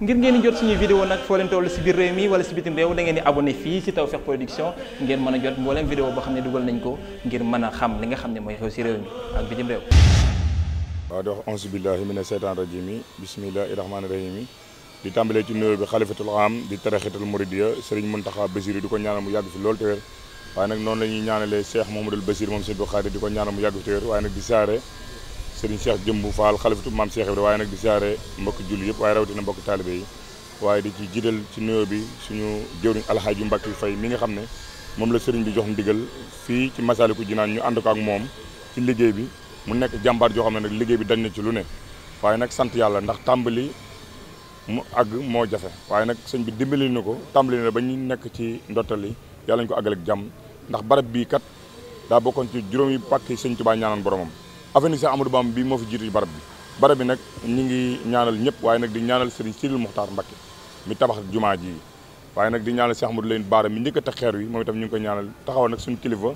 ngir ngeen di jot suñuy vidéo nag foo leen toll si biir réew mi wala si bitim réew da di abonné fii si Tawfekh Production ngeen mën a jot mbooleem vidéo boo xam ne dugal nañ ko ngir mën a xam li nga xam ne mooy xew si réew mi ak bitim réew waaw di wax auzu billahi mina seytaan rajim yi bismillahi rahmaani rahim yi di tàmbalee ci nuyoo bi xalifatul am di taraxital muridiya sëriñ Muntaxa Basiru di ko ñaanal mu yàgg fi loolu te wér waaye nag noonu la ñuy ñaanalee Cheikh Mamadou di ko ñaanal mu yàgg fi te wér waaye nag sëriñ Cheikh Jëmbu Fall xalifatu maam Cheikh Ibrahima waaye nag di siyaare mbokk julli yëpp waaye rawatina mbokki taalibe yi waaye di ci jiital ci nuyoo bi suñu jëwriñ mbakk yu Fay mi nga xam ne moom la sëriñ bi jox ndigal fii ci Masaalikul Jinaan ñu ànd ko ak moom ci liggéey bi mu nekk jàmbaar joo xam ne nag liggéey bi dañ na ci lu ne waaye nag sant yàlla ndax tàmbali mu àgg moo jafe waaye nag sëñ bi dimbali na ko tàmbali ne ba ñu nekk ci ndottal yi yàlla ko àggal jàmm ndax barab bii kat daa bokkoon ci juróomi pàkk yi sëñ Tuubaa ñaanoon boromam avenue Cheikh Amadou Bamba bi moo fi jiitu barab bi barab bi nag ñu ngi ñaanal ñëpp waaye nag di ñaanal Serigne Sidil Muxtaar Mbakke mi tabax jumaa ji waaye nag di ñaanal Cheikh Amadou Layine Baara mi njëkk a xeer wi moom itam ñu ngi koy ñaanal taxawal nag suñu kilifa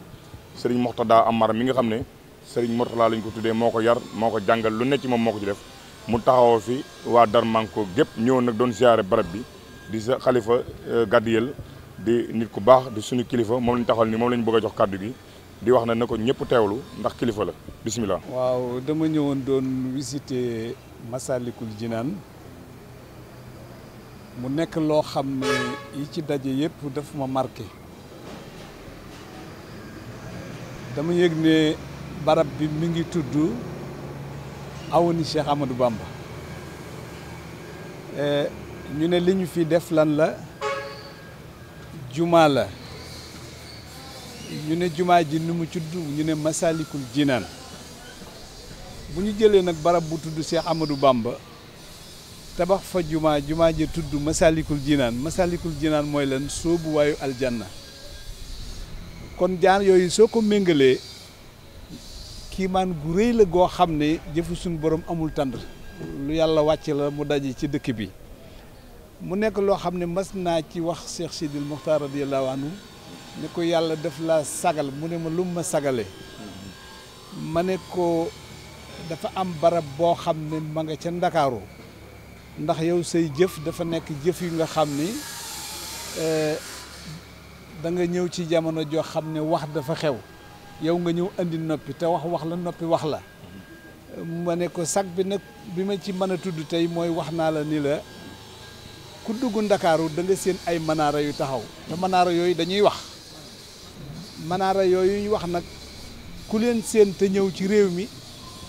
Serigne Moxtada Amar mi nga xam ne Serigne Mourtala lañ ko tuddee moo ko yar moo ko jàngal lu ne ci moom moo ko ci def mu taxawoo fi waa Darmanko gépp ñëwoon nag doon ziare barab bi di sa xalifa euh, Gadiyel di nit ku baax di suñu kilifa moom lañ taxawal ni moom lañ bëgg jox kàddu gi di wax na na ko ñëpp teewlu ndax kilifa la bisimilah. waaw dama ñëwoon doon visiter Massalikul Jinaan mu nekk loo xam ne yi ci daje yëpp daf ma marqué dama yëg ne barab bi mu ngi tudd awani Cheikh Amadou Bamba eh, ñu ne li ñu fi def lan la jumaa la ñu ne jumaa ji ni mu tudd ñu ne Masalikul Jinaan bu ñu jëlee nag barab bu tudd Cheikh Amadou bàmba tabax fa jumaa jumaa ji tudd Masalikul Jinaan Masalikul Jinaan mooy lan waayu aljanna kon jaar yooyu soo ko méngalee kiimaan gu rëy la goo xam ne jëfu suñu boroom amul tànd lu yàlla wàcc la mu daje ci dëkk bi mu nekk loo xam ne mas naa ci wax Cheikh Sidil Mokhtar radiyallahu anhu ne ko yàlla def laa sagal mu ne ma lu ma sagale ma ne ko dafa am barab boo xam ne ma nga ca ndakaaroo ndax yow say jëf dafa nekk jëf yu nga xam ni eh, da nga ñëw ci jamono joo xam ne wax dafa xew yow nga ñëw indi noppi te wax wax la noppi wax la ma ne ko sag bi nag bi ma ci mën a tudd tey mooy wax naa la ni la ku dugg ndakaaru danga séen ay manaara yu taxaw te manaara yooyu dañuy wax manaara yooyu ñu wax nag ku leen seen te ñëw ci réew mi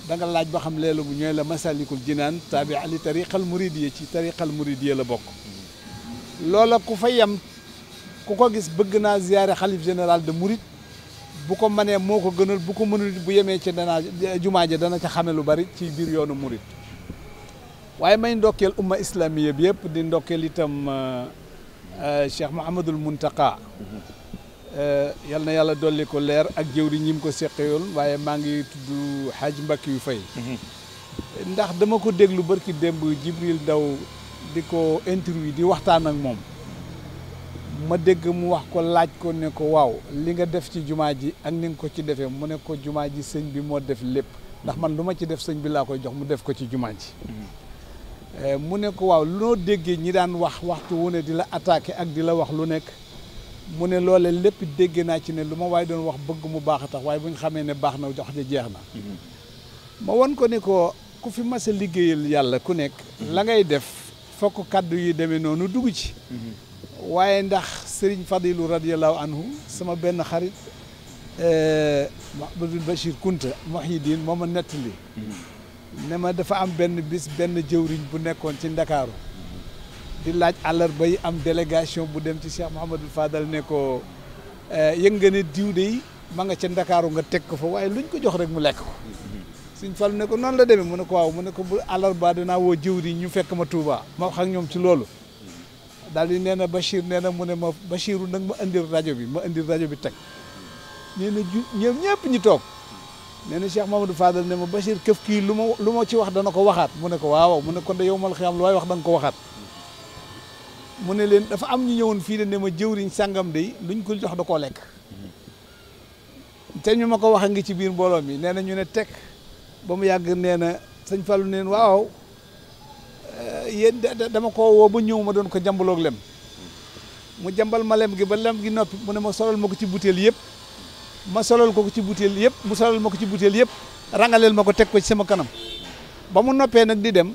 danga laaj ba xam leelu bu ñooy la masalikul jinaan taabi ali tariqal muridiyya ci tariqal muridiyya la bokk loola ku fa yam ku ko gis bëgg naa ziyaare xalif général de murid bu ko mënee moo ko gënal bu ko mënul bu yemee ci danaa jumaa ja dana ca xame lu bari ci biir yoonu murid waaye may ndokkeel umma islamiye bi yëpp di ndokkeel itam euh, euh, Cheikh Mouhamadul Muntaqa Eh, yal na yàlla dolli ko leer ak jëwri ñi mu ko seqeyoon waaye maa ngi tudd xaaj mbakk yu fay mhm. ndax dama ko déglu barki démb Jibril Daw di ko interview di waxtaan ak moom ma dégg mu wax ko laaj ko ne ko waaw li nga def ci jumaa ji ak ni nga ko ci defee mu ne ko jumaa ji sëñ bi moo def lépp ndax man lu ma ci def sëñ bi laa koy jox mu def ko ci jumaa ji mhm. eh, mu ne ko waaw loo déggee ñi daan wax waxtu wu ne di la attaqué ak di la wax lu nekk mu ne loolee lépp dégg naa ci ne lu ma waaye doon wax bëgg mu baax a tax waaye bu ñu xamee ne baax na jox ji jeex na mhm. ma won ko ni ko ku fi mas a liggéeyal yàlla ku nekk mhm. la ngay def fokk kàddu yi demee noonu dugg ci mhm. waaye ndax sëriñ Fadilu radiallahu anhu sama benn xarit euh, Mahmadul Bachir Kunta Muhyiddin moo ma nettali ne ma dafa am benn bis benn jëwriñ bu nekkoon ci Ndakaaru di laaj àllarba bay am délégation bu dem ci Cheikh Mouhamadul Fadal ne ko eh, yëg nga ne diw de ma nga ca ndakaaru nga teg ko fa waaye luñ ko jox rek mu lekk ko suñ fal ne ko noonu la demee mu ne ko waaw mu ne ko bu àllarba dinaa jiw di ñu fekk ma Touba ma ak ñoom ci loolu daal di nee na Bachir nee na mu ne ma Bachiru nag ma indil rajo bi ma indil rajo bi teg nee na ju ñoom ñëpp ñi toog nee na Cheikh Mamadou Fadal ne ma Bachir këf kii lu ma lu ma ci wax dana ko waxaat mu ne waaw mu ne ko yow mal xiyam lu wax danga ko waxaat mu ne leen dafa am ñu ñëwoon fii de ne ma jëwriñ sàngam de luñ ko jox da koo lekk te ma ko wax a ngi ci biir mbooloo mi nee na ñu ne teg ba mu yàgg nee na sëñ neen waaw eh, yéen dama ko woo ba ñëw ma doon ko jambaloog lem mu jambal ma lem gi ba lem gi noppi mu ne ma solal ma ko ci butéel yëpp ma solal ko ko ci butéel yëpp mu solal ma ko ci butéel yëpp rangaleel ma ko teg ko ci sama kanam ba mu noppee nag di dem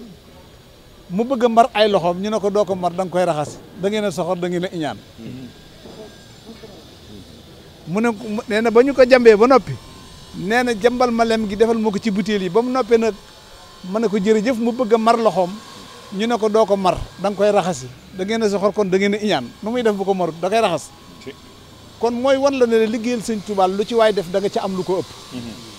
mu bëgg mar ay loxoom ñu ne ko doo ko mar da nga koy raxas da ngeen a soxor da ngeen a iñaan mu ne nee na ba ñu ko jambee ba noppi nee na jambal ma lem gi defal ma ko ci butéel yi ba mu noppee nag ma ne ko jërëjëf mu bëgg mar loxoom ñu ne ko doo ko mar da koy raxas da ngeen a soxor kon da ngeen iñaan nu muy def bu ko marut da koy raxas kon mooy wan la ne liggéeyal sëñ tubaal lu ci waay def da nga ca am lu ko ëpp mhm.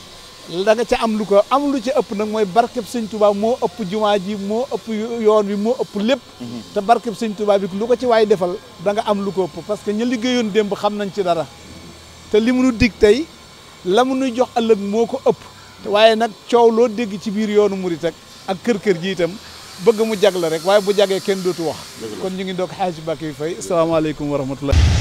da nga ca am lu ko am lu ci ëpp nag mooy barkeb sëñ Tuubaa moo ëpp jumaa ji moo ëpp yoon wi moo ëpp lépp mhm. te barkeb sëñ Tuubaa bi lu ko ci waay defal danga am lu ko ëpp parce que ña liggéeyoon demb xam nañ ci dara te li mu nu tey la mu jox ëllëg moo ko ëpp waaye nag coow loo dégg ci biir yoonu murit ak kër-kër ji itam bëgg mu jag la rek waaye bu jagee kenn dootu wax kon ñu ngi doog xaaji Bakki Faye asalaamaaleykum wa rahmatullah